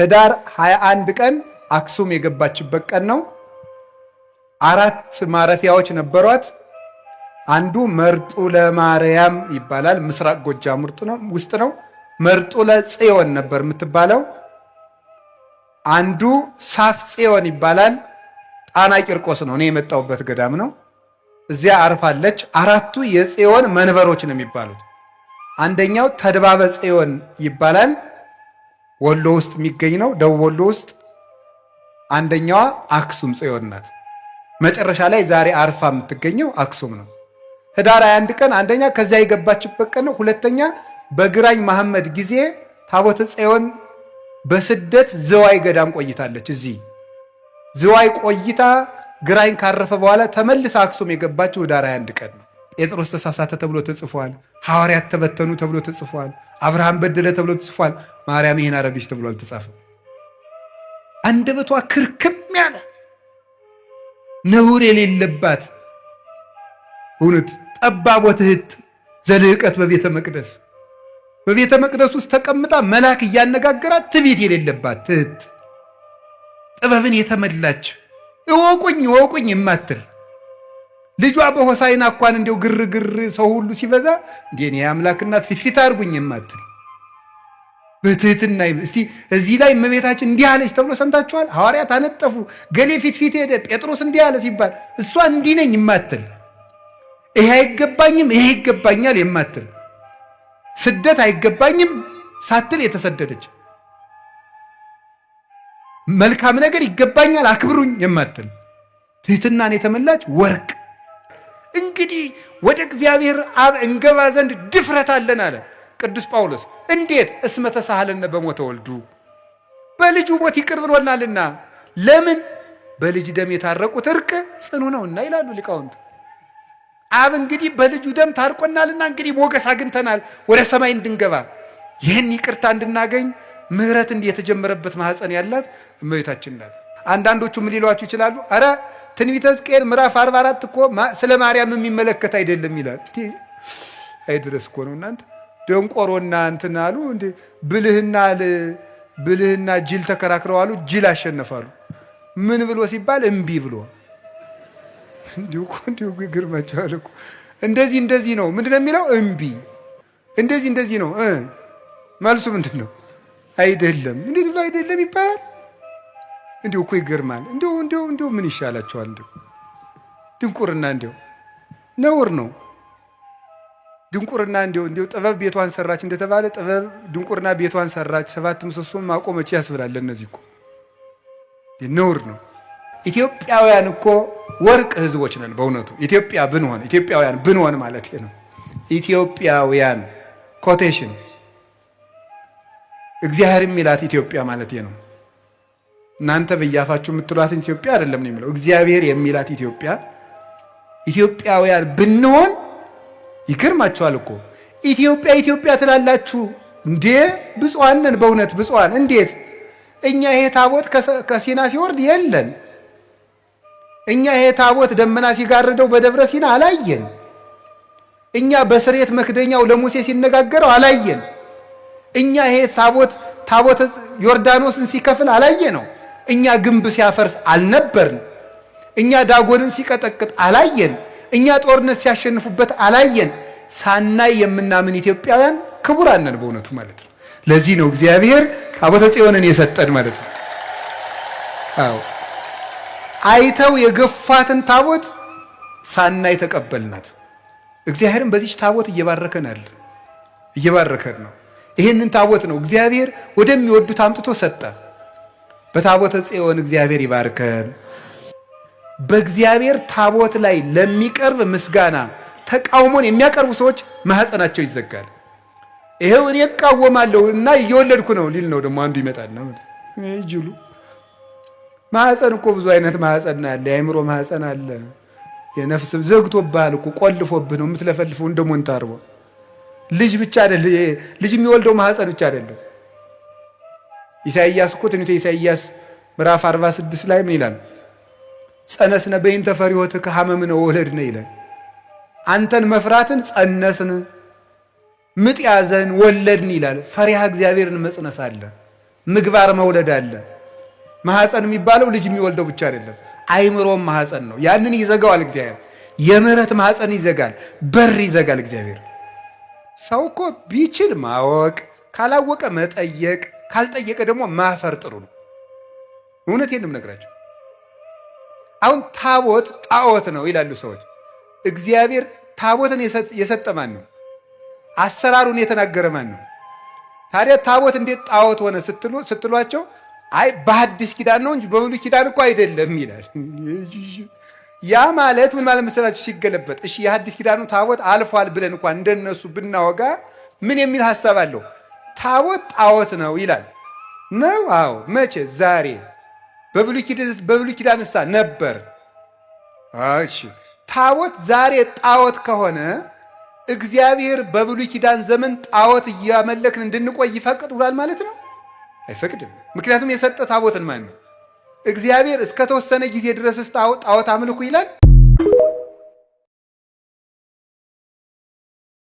ህዳር 21 ቀን አክሱም የገባችበት ቀን ነው። አራት ማረፊያዎች ነበሯት። አንዱ መርጡ ለማርያም ይባላል። ምስራቅ ጎጃም ውስጥ ነው። መርጡ ለጽዮን ነበር የምትባለው። አንዱ ሳፍ ጽዮን ይባላል። ጣና ቂርቆስ ነው፣ እኔ የመጣሁበት ገዳም ነው። እዚያ አርፋለች። አራቱ የጽዮን መንበሮች ነው የሚባሉት። አንደኛው ተድባበ ጽዮን ይባላል። ወሎ ውስጥ የሚገኝ ነው። ደቡብ ወሎ ውስጥ አንደኛዋ አክሱም ጽዮን ናት። መጨረሻ ላይ ዛሬ አርፋ የምትገኘው አክሱም ነው። ህዳር 21 ቀን አንደኛ ከዚያ የገባችበት ቀን ነው። ሁለተኛ በግራኝ መሐመድ ጊዜ ታቦተ ጽዮን በስደት ዝዋይ ገዳም ቆይታለች። እዚህ ዝዋይ ቆይታ ግራኝ ካረፈ በኋላ ተመልሰ አክሱም የገባችው ህዳር 21 ቀን ነው። ጴጥሮስ ተሳሳተ ተብሎ ተጽፏል። ሐዋርያት ተበተኑ ተብሎ ተጽፏል። አብርሃም በደለ ተብሎ ተጽፏል። ማርያም ይህን አረገች ተብሎ አልተጻፈም። አንደበቷ ክርክም ያለ ነውር የሌለባት እውነት ጠባብ ወትሕት ዘልዕቀት በቤተ መቅደስ በቤተ መቅደስ ውስጥ ተቀምጣ መልአክ እያነጋገራት ትዕቢት የሌለባት ትህት ጥበብን የተመላች እወቁኝ እወቁኝ የማትል ልጇ በሆሳይና እኳን እንዲው ግርግር ሰው ሁሉ ሲበዛ እንዲኔ የአምላክ እናት ፊትፊት አድርጉኝ የማትል በትህትና እስቲ እዚህ ላይ እመቤታችን እንዲህ አለች ተብሎ ሰምታችኋል። ሐዋርያት አነጠፉ፣ ገሌ ፊትፊት ሄደ፣ ጴጥሮስ እንዲህ አለ ሲባል እሷ እንዲህ ነኝ የማትል ይሄ አይገባኝም ይሄ ይገባኛል የማትል ስደት አይገባኝም ሳትል የተሰደደች መልካም ነገር ይገባኛል አክብሩኝ የማትል ትህትናን የተመላች ወርቅ እንግዲህ ወደ እግዚአብሔር አብ እንገባ ዘንድ ድፍረት አለን አለ ቅዱስ ጳውሎስ። እንዴት? እስመ ተሳሃለነ በሞተ ወልዱ፣ በልጁ ሞት ይቅር ብሎናልና። ለምን? በልጅ ደም የታረቁት እርቅ ጽኑ ነውና ይላሉ ሊቃውንት። አብ እንግዲህ በልጁ ደም ታርቆናልና እንግዲህ ሞገስ አግኝተናል ወደ ሰማይ እንድንገባ ይህን ይቅርታ እንድናገኝ ምህረት እንዲህ የተጀመረበት ማኅፀን ያላት እመቤታችን ናት። አንዳንዶቹ ምን ሊሏችሁ ይችላሉ? አረ ትንቢተ ሕዝቅኤል ምዕራፍ 44 እኮ ስለ ማርያም የሚመለከት አይደለም ይላል። አይድረስ እኮ ነው እናንተ ደንቆሮና እንትን አሉ። ብልህና ብልህና ጅል ተከራክረው አሉ። ጅል አሸነፋሉ። ምን ብሎ ሲባል እምቢ ብሎ እንዲሁ እንዲሁ ይገርማቸዋል እኮ እንደዚህ እንደዚህ ነው። ምንድን ነው የሚለው? እምቢ። እንደዚህ እንደዚህ ነው። መልሱ ምንድን ነው? አይደለም። እንዴት ብሎ አይደለም ይባላል? እንዲሁ እኮ ይገርማል። እንዲሁ እንዲሁ እንዲሁ ምን ይሻላቸዋል? እንዲሁ ድንቁርና እንዲሁ ነውር ነው። ድንቁርና እንዲሁ እንዲሁ ጥበብ ቤቷን ሰራች እንደተባለ ጥበብ ድንቁርና ቤቷን ሰራች፣ ሰባት ምሰሶም ማቆመች ያስብላል። እነዚህ እኮ ነውር ነው። ኢትዮጵያውያን እኮ ወርቅ ህዝቦች ነን። በእውነቱ ኢትዮጵያ ብንሆን ኢትዮጵያውያን ብንሆን ማለት ነው። ኢትዮጵያውያን ኮቴሽን እግዚአብሔር የሚላት ኢትዮጵያ ማለት ነው። እናንተ በያፋችሁ የምትሏትን ኢትዮጵያ አይደለም ነው የሚለው። እግዚአብሔር የሚላት ኢትዮጵያ ኢትዮጵያውያን ብንሆን ይገርማችኋል እኮ ኢትዮጵያ ኢትዮጵያ ትላላችሁ እንዴ? ብፁዓን ነን በእውነት ብፁዓን። እንዴት እኛ ይሄ ታቦት ከሲና ሲወርድ የለን። እኛ ይሄ ታቦት ደመና ሲጋርደው በደብረ ሲና አላየን። እኛ በስሬት መክደኛው ለሙሴ ሲነጋገረው አላየን። እኛ ይሄ ታቦት ታቦት ዮርዳኖስን ሲከፍል አላየ ነው እኛ ግንብ ሲያፈርስ አልነበርን። እኛ ዳጎንን ሲቀጠቅጥ አላየን። እኛ ጦርነት ሲያሸንፉበት አላየን። ሳናይ የምናምን ኢትዮጵያውያን ክቡራን ነን በእውነቱ ማለት ነው። ለዚህ ነው እግዚአብሔር ታቦተ ጽዮንን የሰጠን ማለት ነው። አዎ አይተው የገፋትን ታቦት ሳናይ ተቀበልናት። እግዚአብሔርን በዚች ታቦት እየባረከናል እየባረከን ነው። ይህንን ታቦት ነው እግዚአብሔር ወደሚወዱት አምጥቶ ሰጠ። በታቦተ ጽዮን እግዚአብሔር ይባርከን። በእግዚአብሔር ታቦት ላይ ለሚቀርብ ምስጋና ተቃውሞን የሚያቀርቡ ሰዎች ማህፀናቸው ይዘጋል። ይሄው እኔ እቃወማለሁ እና እየወለድኩ ነው ሊል ነው ደግሞ አንዱ ይመጣልና ይጅሉ ማህፀን እኮ ብዙ አይነት ማህፀን አለ። የአእምሮ ማህፀን አለ። የነፍስ ዘግቶብሃል እኮ ቆልፎብህ ነው የምትለፈልፈው እንደሞን እንደሞንታርቦ ልጅ ብቻ አይደል ልጅ የሚወልደው ማህፀን ብቻ አይደለም ኢሳይያስ እኮ ትንቢተ ኢሳይያስ ምዕራፍ 46 ላይ ምን ይላል? ጸነስነ በይንተ ፈሪሆትከ ሀመምነ ወለድነ ይላል። አንተን መፍራትን ጸነስን፣ ምጥ ያዘን፣ ወለድን ይላል። ፈሪሃ እግዚአብሔርን መጽነስ አለ፣ ምግባር መውለድ አለ። ማሐፀን የሚባለው ልጅ የሚወልደው ብቻ አይደለም፣ አይምሮም ማሐፀን ነው። ያንን ይዘጋዋል እግዚአብሔር። የምህረት ማሐፀን ይዘጋል፣ በር ይዘጋል እግዚአብሔር። ሰው እኮ ቢችል ማወቅ ካላወቀ መጠየቅ ካልጠየቀ ደግሞ ማፈር ጥሩ ነው። እውነቴን ነው የምነግራቸው። አሁን ታቦት ጣዖት ነው ይላሉ ሰዎች። እግዚአብሔር ታቦትን የሰጠ ማን ነው? አሰራሩን የተናገረ ማን ነው? ታዲያ ታቦት እንዴት ጣዖት ሆነ ስትሏቸው፣ አይ በሐዲስ ኪዳን ነው እንጂ በብሉይ ኪዳን እኮ አይደለም ይላል። ያ ማለት ምን ማለት መሰላችሁ? ሲገለበጥ እሺ የሐዲስ ኪዳኑ ታቦት አልፏል ብለን እንኳን እንደነሱ ብናወጋ ምን የሚል ሀሳብ አለው? ታቦት ጣዖት ነው ይላል። ነው? አዎ። መቼ? ዛሬ። በብሉይ ኪዳንሳ ነበር? እሺ። ታቦት ዛሬ ጣዖት ከሆነ እግዚአብሔር በብሉይ ኪዳን ዘመን ጣዖት እያመለክን እንድንቆይ ይፈቅዱላል ማለት ነው? አይፈቅድም። ምክንያቱም የሰጠ ታቦትን ማን ነው? እግዚአብሔር እስከተወሰነ ጊዜ ድረስስ ጣዖት አምልኩ ይላል።